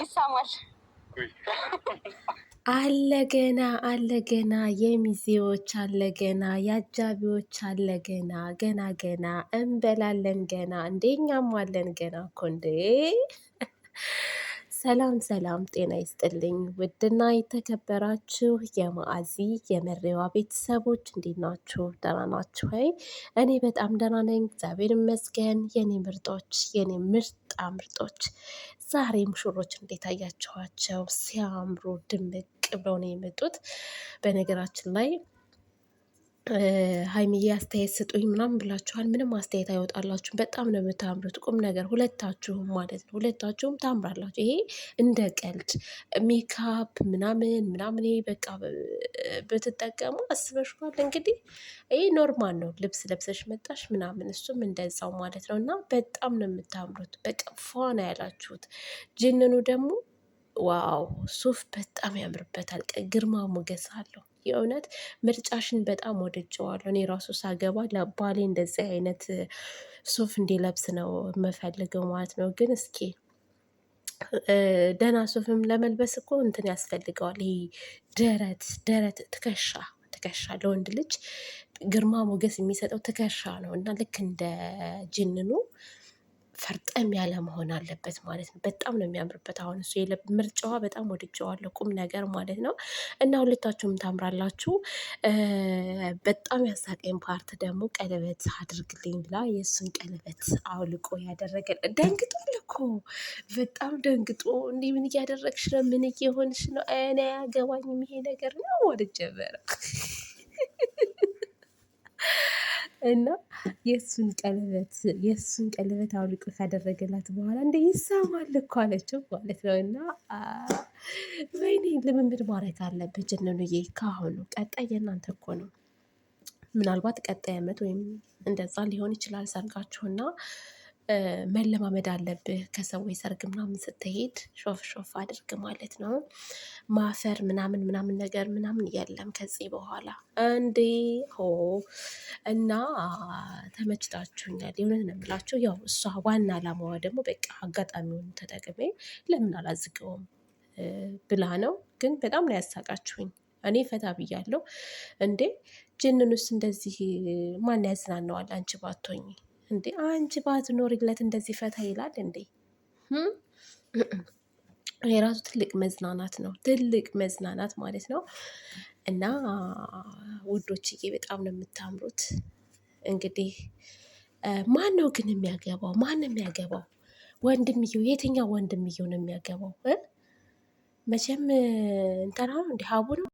ይሳማል አለገና አለገና የሚዜዎች አለገና የአጃቢዎች አለገና ገና ገና እንበላለን ገና እንደኛም አለን ገና እኮ እንዴ ሰላም ሰላም፣ ጤና ይስጥልኝ ውድና የተከበራችሁ የማአዚ የመሬዋ ቤተሰቦች እንዴት ናችሁ? ደህና ናችሁ ወይ? እኔ በጣም ደህና ነኝ፣ እግዚአብሔር ይመስገን። የኔ ምርጦች፣ የኔ ምርጣ ምርጦች፣ ዛሬ ሙሽሮች እንዴት አያችኋቸው? ሲያምሩ ድምቅ ብለው ነው የመጡት። በነገራችን ላይ ሀይሚዬ አስተያየት ስጡኝ ምናምን ብላችኋል። ምንም አስተያየት አይወጣላችሁም። በጣም ነው የምታምሩት። ቁም ነገር ሁለታችሁም ማለት ነው። ሁለታችሁም ታምራላችሁ። ይሄ እንደ ቀልድ ሜካፕ ምናምን ምናምን ይሄ በቃ ብትጠቀሙ አስበሽዋል። እንግዲህ ይሄ ኖርማል ነው። ልብስ ለብሰሽ መጣሽ ምናምን እሱም እንደዛው ማለት ነው። እና በጣም ነው የምታምሩት። በቃ ፏ ነው ያላችሁት። ጅንኑ ደግሞ ዋው ሱፍ በጣም ያምርበታል። ግርማ ሞገስ አለው። የእውነት ምርጫሽን በጣም ወደጀዋለሁ። እኔ ራሱ ሳገባ ለባሌ እንደዚህ አይነት ሱፍ እንዲለብስ ነው የምፈልገው ማለት ነው። ግን እስኪ ደህና ሱፍም ለመልበስ እኮ እንትን ያስፈልገዋል። ይሄ ደረት ደረት ትከሻ ትከሻ ለወንድ ልጅ ግርማ ሞገስ የሚሰጠው ትከሻ ነው እና ልክ እንደ ጅንኑ ፈርጠም ያለ መሆን አለበት ማለት ነው። በጣም ነው የሚያምርበት። አሁን እሱ ምርጫዋ በጣም ወድጀዋለሁ፣ ቁም ነገር ማለት ነው። እና ሁለታችሁም ታምራላችሁ። በጣም ያሳቀኝ ፓርት ደግሞ ቀለበት አድርግልኝ ብላ የእሱን ቀለበት አውልቆ ያደረገ ደንግጧል እኮ በጣም ደንግጦ እንዲህ ምን እያደረግሽ ነው? ምን እየሆንሽ ነው? እኔ አያገባኝም ይሄ ነገር ነው ወደ እና የእሱን ቀለበት የእሱን ቀለበት አውልቆ ካደረገላት በኋላ እንደ ይሰማል እኮ አለችው ማለት ነው። እና ወይኔ ልምምድ ማድረግ አለብን ይ ከአሁኑ ቀጣይ የእናንተ እኮ ነው። ምናልባት ቀጣይ ዓመት ወይም እንደዛ ሊሆን ይችላል ሰርጋችሁና መለማመድ አለብህ። ከሰዎች ሰርግ ምናምን ስትሄድ ሾፍ ሾፍ አድርግ ማለት ነው። ማፈር ምናምን ምናምን ነገር ምናምን የለም ከዚህ በኋላ እንዴ ሆ እና ተመችታችሁኛል። የእውነት ነው የምላችሁ። ያው እሷ ዋና አላማዋ ደግሞ በቃ አጋጣሚውን ተጠቅሜ ለምን አላዝገውም ብላ ነው። ግን በጣም ነው ያሳቃችሁኝ። እኔ ፈታ ብያለሁ። እንዴ ጅንኑስ እንደዚህ ማን ያዝናነዋል? አንቺ ባትሆኚ እንዴ አንቺ ባትኖሪለት እንደዚህ ፈታ ይላል እንዴ? የራሱ ትልቅ መዝናናት ነው፣ ትልቅ መዝናናት ማለት ነው። እና ውዶችዬ በጣም ነው የምታምሩት። እንግዲህ ማን ነው ግን የሚያገባው? ማን ነው የሚያገባው? ወንድምየው፣ የትኛው ወንድምየው ነው የሚያገባው? መቼም እንተራ ነው እንዲህ ሀቡ ነው